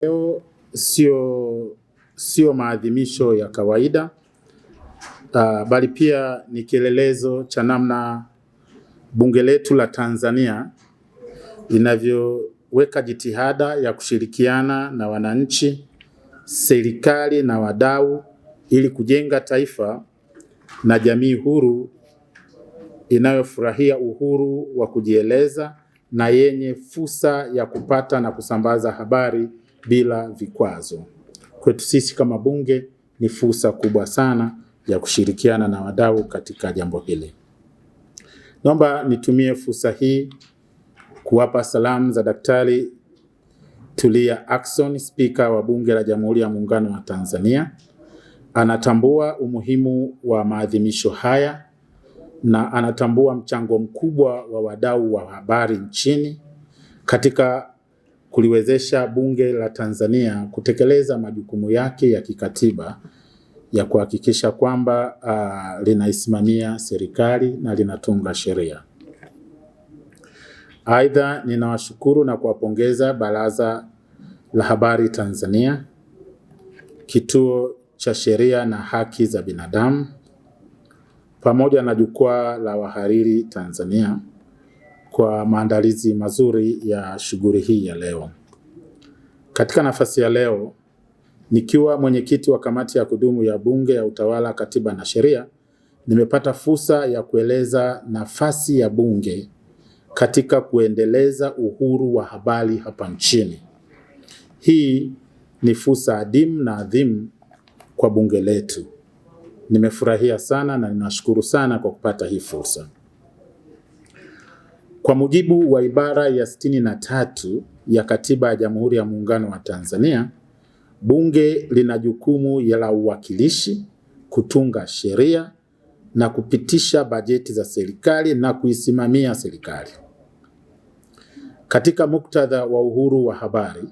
Leo sio sio maadhimisho ya kawaida uh, bali pia ni kielelezo cha namna bunge letu la Tanzania linavyoweka jitihada ya kushirikiana na wananchi, serikali na wadau ili kujenga taifa na jamii huru inayofurahia uhuru wa kujieleza na yenye fursa ya kupata na kusambaza habari bila vikwazo. Kwetu sisi kama Bunge ni fursa kubwa sana ya kushirikiana na wadau katika jambo hili. Naomba nitumie fursa hii kuwapa salamu za Daktari Tulia Ackson, Spika wa Bunge la Jamhuri ya Muungano wa Tanzania. Anatambua umuhimu wa maadhimisho haya na anatambua mchango mkubwa wa wadau wa habari nchini katika kuliwezesha Bunge la Tanzania kutekeleza majukumu yake ya kikatiba ya kuhakikisha kwamba uh, linaisimamia serikali na linatunga sheria. Aidha, ninawashukuru na kuwapongeza Baraza la Habari Tanzania, Kituo cha Sheria na Haki za Binadamu pamoja na Jukwaa la Wahariri Tanzania kwa maandalizi mazuri ya shughuli hii ya leo. Katika nafasi ya leo nikiwa mwenyekiti wa kamati ya kudumu ya Bunge ya Utawala, Katiba na Sheria, nimepata fursa ya kueleza nafasi ya Bunge katika kuendeleza uhuru wa habari hapa nchini. Hii ni fursa adimu na adhimu kwa Bunge letu. Nimefurahia sana na ninashukuru sana kwa kupata hii fursa. Kwa mujibu wa ibara ya sitini na tatu ya Katiba ya Jamhuri ya Muungano wa Tanzania, Bunge lina jukumu la uwakilishi, kutunga sheria na kupitisha bajeti za serikali na kuisimamia serikali. Katika muktadha wa uhuru wa habari,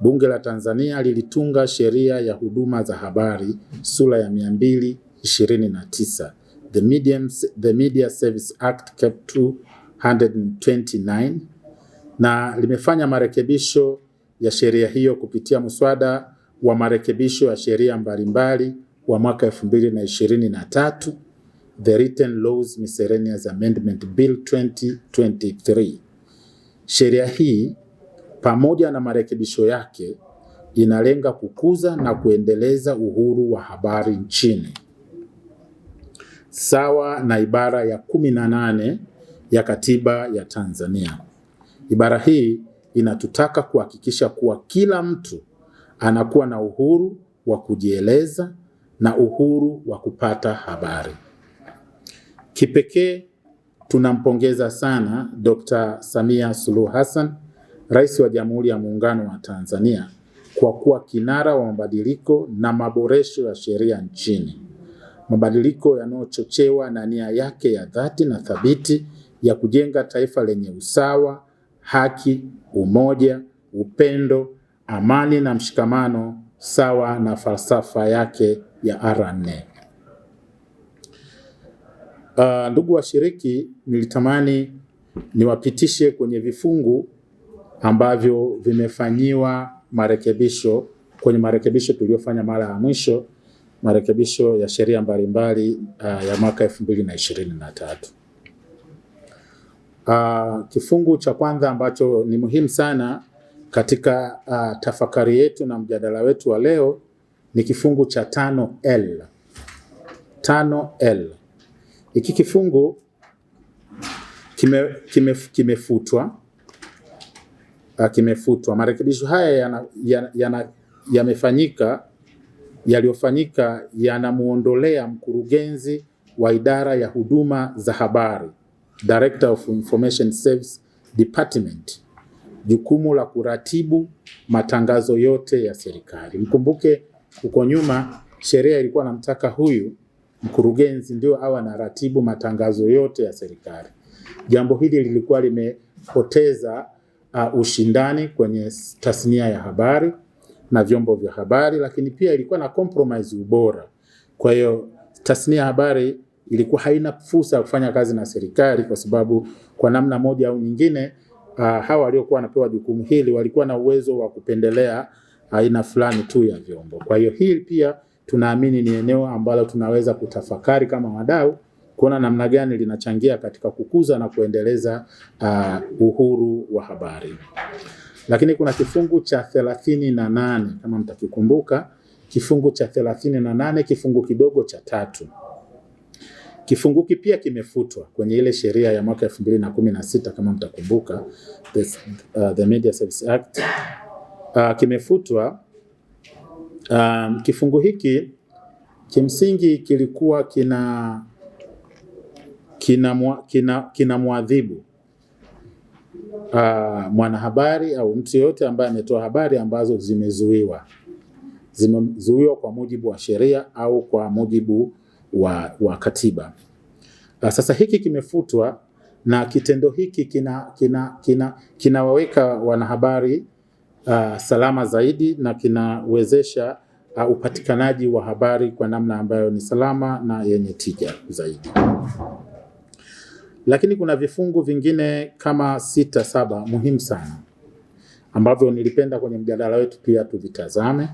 Bunge la Tanzania lilitunga sheria ya huduma za habari sura ya 229, The Media, the Media Service Act, cap 129 na limefanya marekebisho ya sheria hiyo kupitia mswada wa marekebisho ya sheria mbalimbali wa mwaka 2023, The Written Laws Miscellaneous Amendment Bill 2023. Sheria hii pamoja na marekebisho yake inalenga kukuza na kuendeleza uhuru wa habari nchini, sawa na ibara ya 18 ya Katiba ya Tanzania. Ibara hii inatutaka kuhakikisha kuwa kila mtu anakuwa na uhuru wa kujieleza na uhuru wa kupata habari. Kipekee tunampongeza sana Dr. Samia Suluhu Hassan, Rais wa Jamhuri ya Muungano wa Tanzania kwa kuwa kinara wa mabadiliko na maboresho ya sheria nchini, mabadiliko yanayochochewa na nia yake ya dhati na thabiti ya kujenga taifa lenye usawa, haki, umoja, upendo, amani na mshikamano, sawa na falsafa yake ya R4. Uh, ah, ndugu washiriki, nilitamani niwapitishe kwenye vifungu ambavyo vimefanyiwa marekebisho kwenye marekebisho tuliyofanya mara ya mwisho, marekebisho ya sheria mbalimbali uh, ya mwaka 2023. Uh, kifungu cha kwanza ambacho ni muhimu sana katika uh, tafakari yetu na mjadala wetu wa leo ni kifungu cha tano L. Tano L. Hiki kifungu kime, kime, kimefutwa. Uh, marekebisho haya yamefanyika ya, ya, ya yaliyofanyika yanamuondolea mkurugenzi wa idara ya huduma za habari Director of Information Service Department, jukumu la kuratibu matangazo yote ya serikali. Mkumbuke huko nyuma sheria ilikuwa namtaka huyu mkurugenzi ndio awe anaratibu matangazo yote ya serikali. Jambo hili lilikuwa limepoteza uh, ushindani kwenye tasnia ya habari na vyombo vya habari, lakini pia ilikuwa na compromise ubora. Kwa hiyo tasnia ya habari ilikuwa haina fursa ya kufanya kazi na serikali, kwa sababu kwa namna moja au nyingine uh, hawa waliokuwa wanapewa jukumu hili walikuwa na uwezo wa kupendelea aina fulani tu ya vyombo. Kwa hiyo hili pia tunaamini ni eneo ambalo tunaweza kutafakari kama wadau kuona namna gani linachangia katika kukuza na kuendeleza uh, uhuru wa habari. Lakini kuna kifungu cha thelathini na nane kama mtakikumbuka, kifungu cha thelathini na nane kifungu kidogo cha tatu Kifungu pia kimefutwa kwenye ile sheria ya mwaka 2016 kama mtakumbuka, the, uh, the Media Service Act uh, kimefutwa. Um, kifungu hiki kimsingi kilikuwa kina kina kina, kina uh, mwanahabari au mtu yoyote ambaye ametoa habari ambazo zimezuiwa zimezuiwa kwa mujibu wa sheria au kwa mujibu wa, wa katiba. Ah, sasa hiki kimefutwa na kitendo hiki kinawaweka kina, kina, kinawaweka wanahabari uh, salama zaidi na kinawezesha uh, upatikanaji wa habari kwa namna ambayo ni salama na yenye tija zaidi. Lakini kuna vifungu vingine kama sita saba muhimu sana ambavyo nilipenda kwenye mjadala wetu pia tuvitazame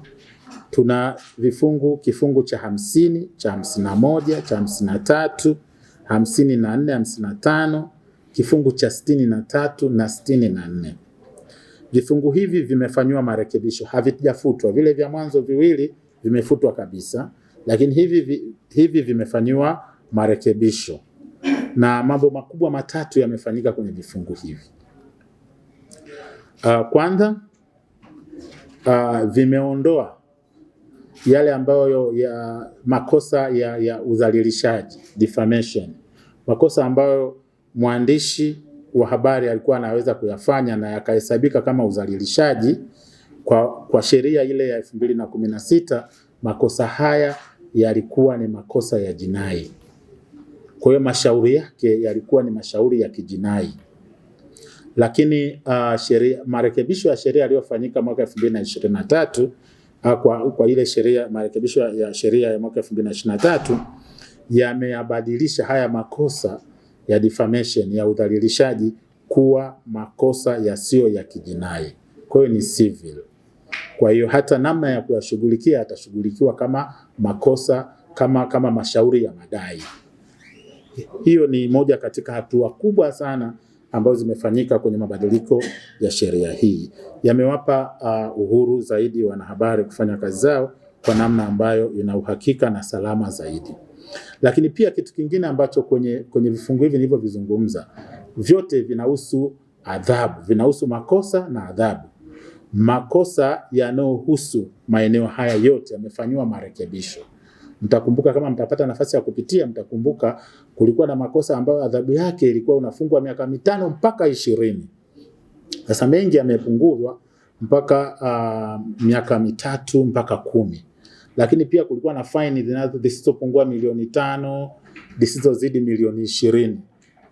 tuna vifungu kifungu cha hamsini cha hamsini na moja cha hamsini na tatu hamsini na nne hamsini na tano kifungu cha sitini na tatu na sitini na nne Vifungu hivi vimefanyiwa marekebisho, havijafutwa. Vile vya mwanzo viwili vimefutwa kabisa, lakini hivi, hivi vimefanyiwa marekebisho na mambo makubwa matatu yamefanyika kwenye vifungu hivi. Uh, kwanza uh, vimeondoa yale ambayo ya makosa ya, ya udhalilishaji defamation, makosa ambayo mwandishi wa habari alikuwa anaweza kuyafanya na yakahesabika kama udhalilishaji kwa, kwa sheria ile ya 2016 na kumi na sita makosa haya yalikuwa ni makosa ya jinai. Kwa hiyo mashauri yake yalikuwa ni mashauri ya kijinai, lakini uh, sheria, marekebisho ya sheria yaliyofanyika mwaka 2023 Ah, kwa, kwa ile sheria marekebisho ya sheria ya mwaka 2023 yameyabadilisha haya makosa ya defamation ya udhalilishaji kuwa makosa yasiyo ya kijinai, kwa hiyo ni civil. Kwa hiyo hata namna ya kuyashughulikia yatashughulikiwa kama makosa kama, kama mashauri ya madai. Hiyo ni moja katika hatua kubwa sana ambazo zimefanyika kwenye mabadiliko ya sheria hii yamewapa uh, uhuru zaidi wanahabari kufanya kazi zao kwa namna ambayo ina uhakika na salama zaidi. Lakini pia kitu kingine ambacho kwenye, kwenye vifungu hivi nilivyovizungumza vyote vinahusu adhabu, vinahusu makosa na adhabu. Makosa yanayohusu maeneo haya yote yamefanyiwa marekebisho. Mtakumbuka kama mtapata nafasi ya kupitia, mtakumbuka kulikuwa na makosa ambayo adhabu yake ilikuwa unafungwa miaka mitano mpaka ishirini. Sasa mengi yamepunguzwa mpaka uh, miaka mitatu mpaka kumi, lakini pia kulikuwa na faini zisizopungua milioni tano zisizozidi milioni ishirini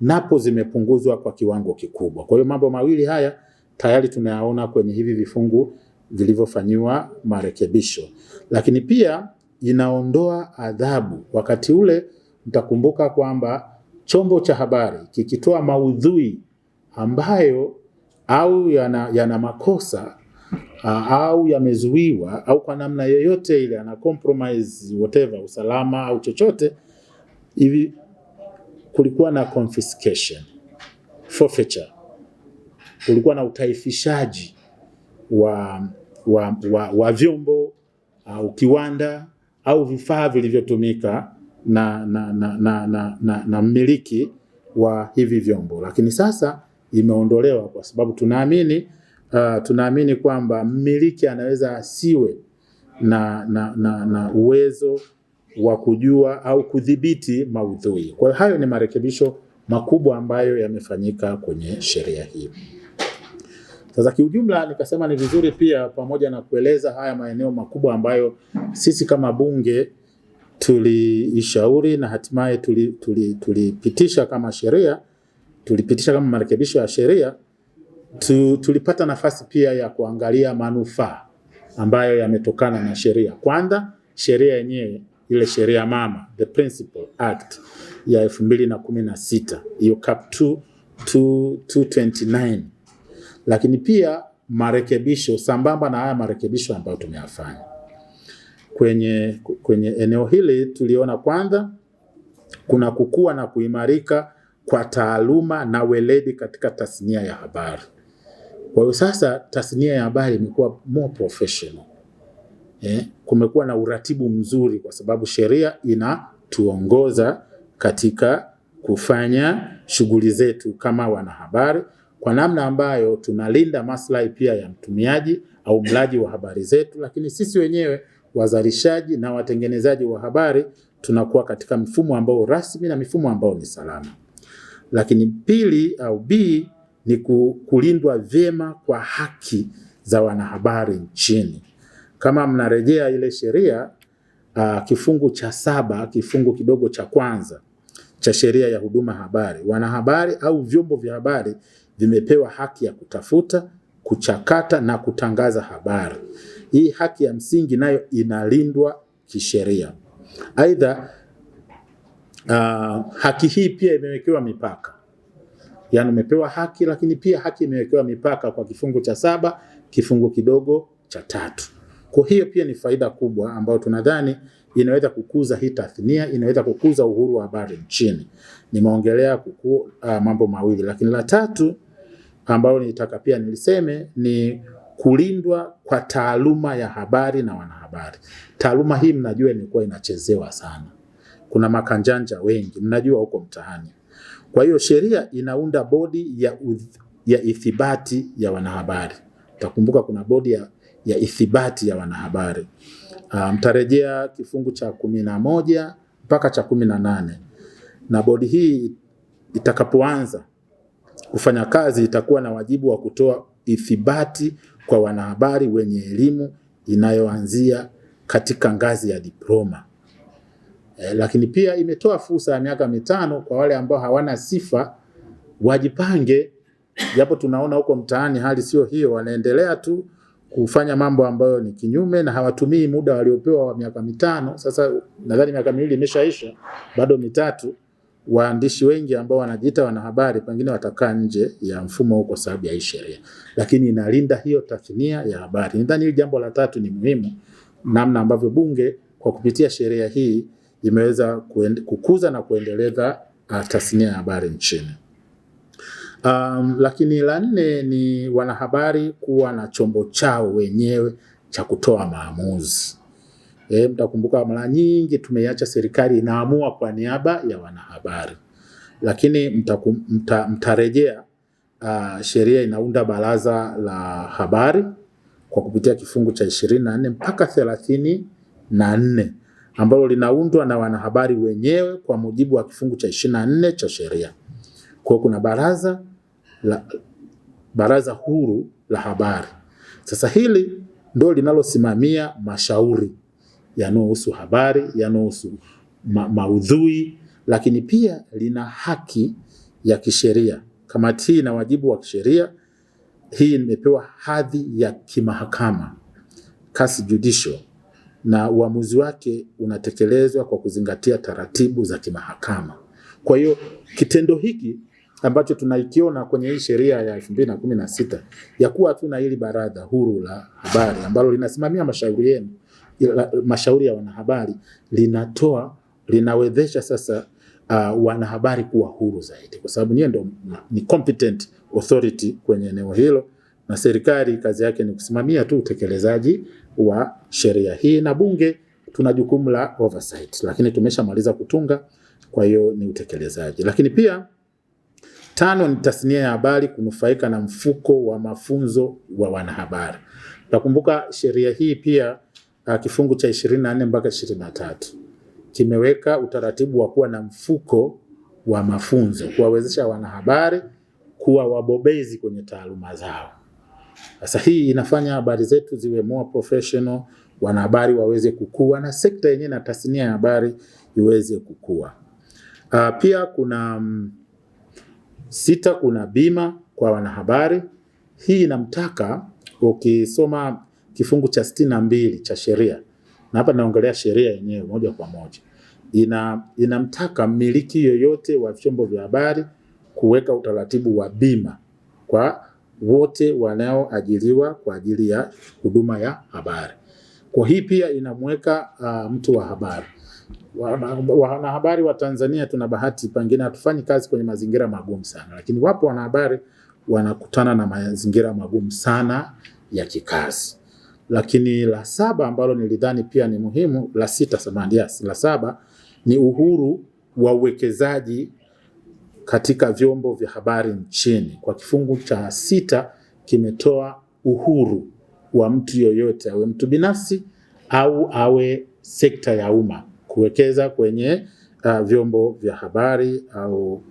napo zimepunguzwa kwa kiwango kikubwa. Kwa hiyo mambo mawili haya tayari tunayaona kwenye hivi vifungu vilivyofanyiwa marekebisho, lakini pia inaondoa adhabu. Wakati ule mtakumbuka kwamba chombo cha habari kikitoa maudhui ambayo au yana, yana makosa au yamezuiwa au kwa namna yoyote ile ana compromise whatever usalama au chochote hivi, kulikuwa na confiscation forfeiture, kulikuwa na utaifishaji wa, wa, wa, wa vyombo au kiwanda au vifaa vilivyotumika na, na, na, na, na, na, na mmiliki wa hivi vyombo, lakini sasa imeondolewa kwa sababu tunaamini uh, tunaamini kwamba mmiliki anaweza asiwe na, na, na, na uwezo wa kujua au kudhibiti maudhui. Kwa hiyo hayo ni marekebisho makubwa ambayo yamefanyika kwenye sheria hii. Sasa kiujumla, nikasema ni vizuri pia pamoja na kueleza haya maeneo makubwa ambayo sisi kama bunge tuliishauri na hatimaye tulipitisha tuli, tuli kama sheria tulipitisha kama marekebisho ya sheria tu, tulipata nafasi pia ya kuangalia manufaa ambayo yametokana na sheria. Kwanza sheria yenyewe ile sheria mama the principal act ya 2016 hiyo cap 229 lakini pia marekebisho sambamba na haya marekebisho ambayo tumeyafanya kwenye, kwenye eneo hili tuliona kwanza kuna kukua na kuimarika kwa taaluma na weledi katika tasnia ya habari. Kwa hiyo sasa tasnia ya habari imekuwa more professional. Eh, kumekuwa na uratibu mzuri kwa sababu sheria inatuongoza katika kufanya shughuli zetu kama wanahabari kwa namna ambayo tunalinda maslahi pia ya mtumiaji au mlaji wa habari zetu, lakini sisi wenyewe wazalishaji na watengenezaji wa habari tunakuwa katika mfumo ambao rasmi na mifumo ambao ni salama. Lakini pili au B ni kulindwa vyema kwa haki za wanahabari nchini. Kama mnarejea ile sheria uh, kifungu cha saba kifungu kidogo cha kwanza cha sheria ya huduma habari, wanahabari au vyombo vya habari vimepewa haki ya kutafuta, kuchakata na kutangaza habari. Hii haki ya msingi nayo inalindwa kisheria. Aidha, uh, haki hii pia imewekewa mipaka, yaani umepewa haki lakini pia haki imewekewa mipaka kwa kifungu cha saba kifungu kidogo cha tatu. Kwa hiyo pia ni faida kubwa ambayo tunadhani inaweza kukuza hii tathnia, inaweza kukuza uhuru wa habari nchini. Nimeongelea uh, mambo mawili, lakini la tatu ambalo nilitaka pia niliseme ni kulindwa kwa taaluma ya habari na wanahabari. Taaluma hii mnajua imekuwa inachezewa sana, kuna makanjanja wengi mnajua huko mtaani. Kwa hiyo sheria inaunda bodi ya, ya ithibati ya wanahabari. takumbuka kuna bodi ya, ya ithibati ya wanahabari ah, mtarejea kifungu cha kumi na moja mpaka cha kumi na nane na bodi hii itakapoanza kazi itakuwa na wajibu wa kutoa ithibati kwa wanahabari wenye elimu inayoanzia katika ngazi ya diploma. E, lakini pia imetoa fursa ya miaka mitano kwa wale ambao hawana sifa wajipange, japo tunaona huko mtaani hali sio hiyo, wanaendelea tu kufanya mambo ambayo ni kinyume na hawatumii muda waliopewa wa miaka mitano. Sasa nadhani miaka miwili imeshaisha, bado mitatu waandishi wengi ambao wanajiita wanahabari pengine watakaa nje ya mfumo huu kwa sababu ya hii sheria, lakini inalinda hiyo tasnia ya habari. Nadhani hili jambo la tatu ni muhimu, namna ambavyo bunge kwa kupitia sheria hii imeweza kukuza na kuendeleza uh, tasnia ya habari nchini. Um, lakini la nne ni wanahabari kuwa na chombo chao wenyewe cha kutoa maamuzi. E, mtakumbuka mara nyingi tumeiacha serikali inaamua kwa niaba ya wanahabari, lakini mtarejea mta, mtarejea uh, sheria inaunda baraza la habari kwa kupitia kifungu cha ishirini na nne mpaka thelathini na nne ambalo linaundwa na wanahabari wenyewe kwa mujibu wa kifungu cha ishirini na nne cha sheria. Kwa kuna baraza la, baraza huru la habari. Sasa hili ndo linalosimamia mashauri yanayohusu habari, yanayohusu ma maudhui, lakini pia lina haki ya kisheria. Kamati hii ina wajibu wa kisheria. Hii imepewa hadhi ya kimahakama kasi judicial, na uamuzi wake unatekelezwa kwa kuzingatia taratibu za kimahakama. Kwa hiyo kitendo hiki ambacho tunaikiona kwenye hii sheria ya 2016 ya kuwa tuna hili baraza huru la habari ambalo linasimamia mashauri yenu mashauri ya wanahabari linatoa linawezesha sasa uh, wanahabari kuwa huru zaidi, kwa sababu niye ndo ni competent authority kwenye eneo hilo, na serikali kazi yake ni kusimamia tu utekelezaji wa sheria hii, na bunge tuna jukumu la oversight, lakini tumeshamaliza kutunga, kwa hiyo ni utekelezaji. Lakini pia tano ni tasnia ya habari kunufaika na mfuko wa mafunzo wa wanahabari. Nakumbuka sheria hii pia kifungu cha 24 mpaka 23 kimeweka utaratibu wa kuwa na mfuko wa mafunzo kuwawezesha wanahabari kuwa wabobezi kwenye taaluma zao. Sasa hii inafanya habari zetu ziwe more professional, wanahabari waweze kukua na sekta yenyewe na tasnia ya habari iweze kukua. Uh, pia kuna um, sita, kuna bima kwa wanahabari. Hii inamtaka ukisoma kifungu cha sitini na mbili cha sheria, na hapa naongelea sheria yenyewe moja kwa moja, ina inamtaka mmiliki yoyote wa vyombo vya habari kuweka utaratibu wa bima kwa wote wanaoajiriwa kwa ajili ya huduma ya habari. Kwa hii pia inamweka uh, mtu wa habari. Wanahabari wa Tanzania tuna bahati, pengine hatufanyi kazi kwenye mazingira magumu sana, lakini wapo wanahabari wanakutana na mazingira magumu sana ya kikazi. Lakini la saba ambalo nilidhani pia ni muhimu, la sita samahani, yes, la saba ni uhuru wa uwekezaji katika vyombo vya habari nchini. Kwa kifungu cha sita kimetoa uhuru wa mtu yoyote awe mtu binafsi au awe sekta ya umma kuwekeza kwenye uh, vyombo vya habari au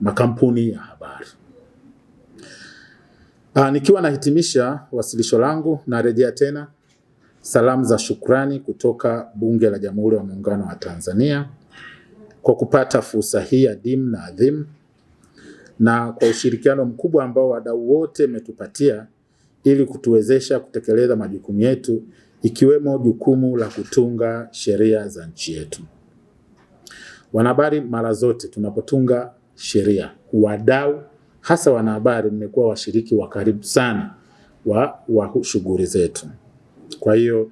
makampuni ya habari. Ah, nikiwa nahitimisha wasilisho langu narejea tena salamu za shukrani kutoka Bunge la Jamhuri ya Muungano wa Tanzania kwa kupata fursa hii adimu na adhimu na kwa ushirikiano mkubwa ambao wadau wote umetupatia ili kutuwezesha kutekeleza majukumu yetu ikiwemo jukumu la kutunga sheria za nchi yetu. Wanahabari, mara zote tunapotunga sheria, wadau hasa wanahabari, mmekuwa washiriki wa karibu sana wa, wa shughuli zetu. Kwa hiyo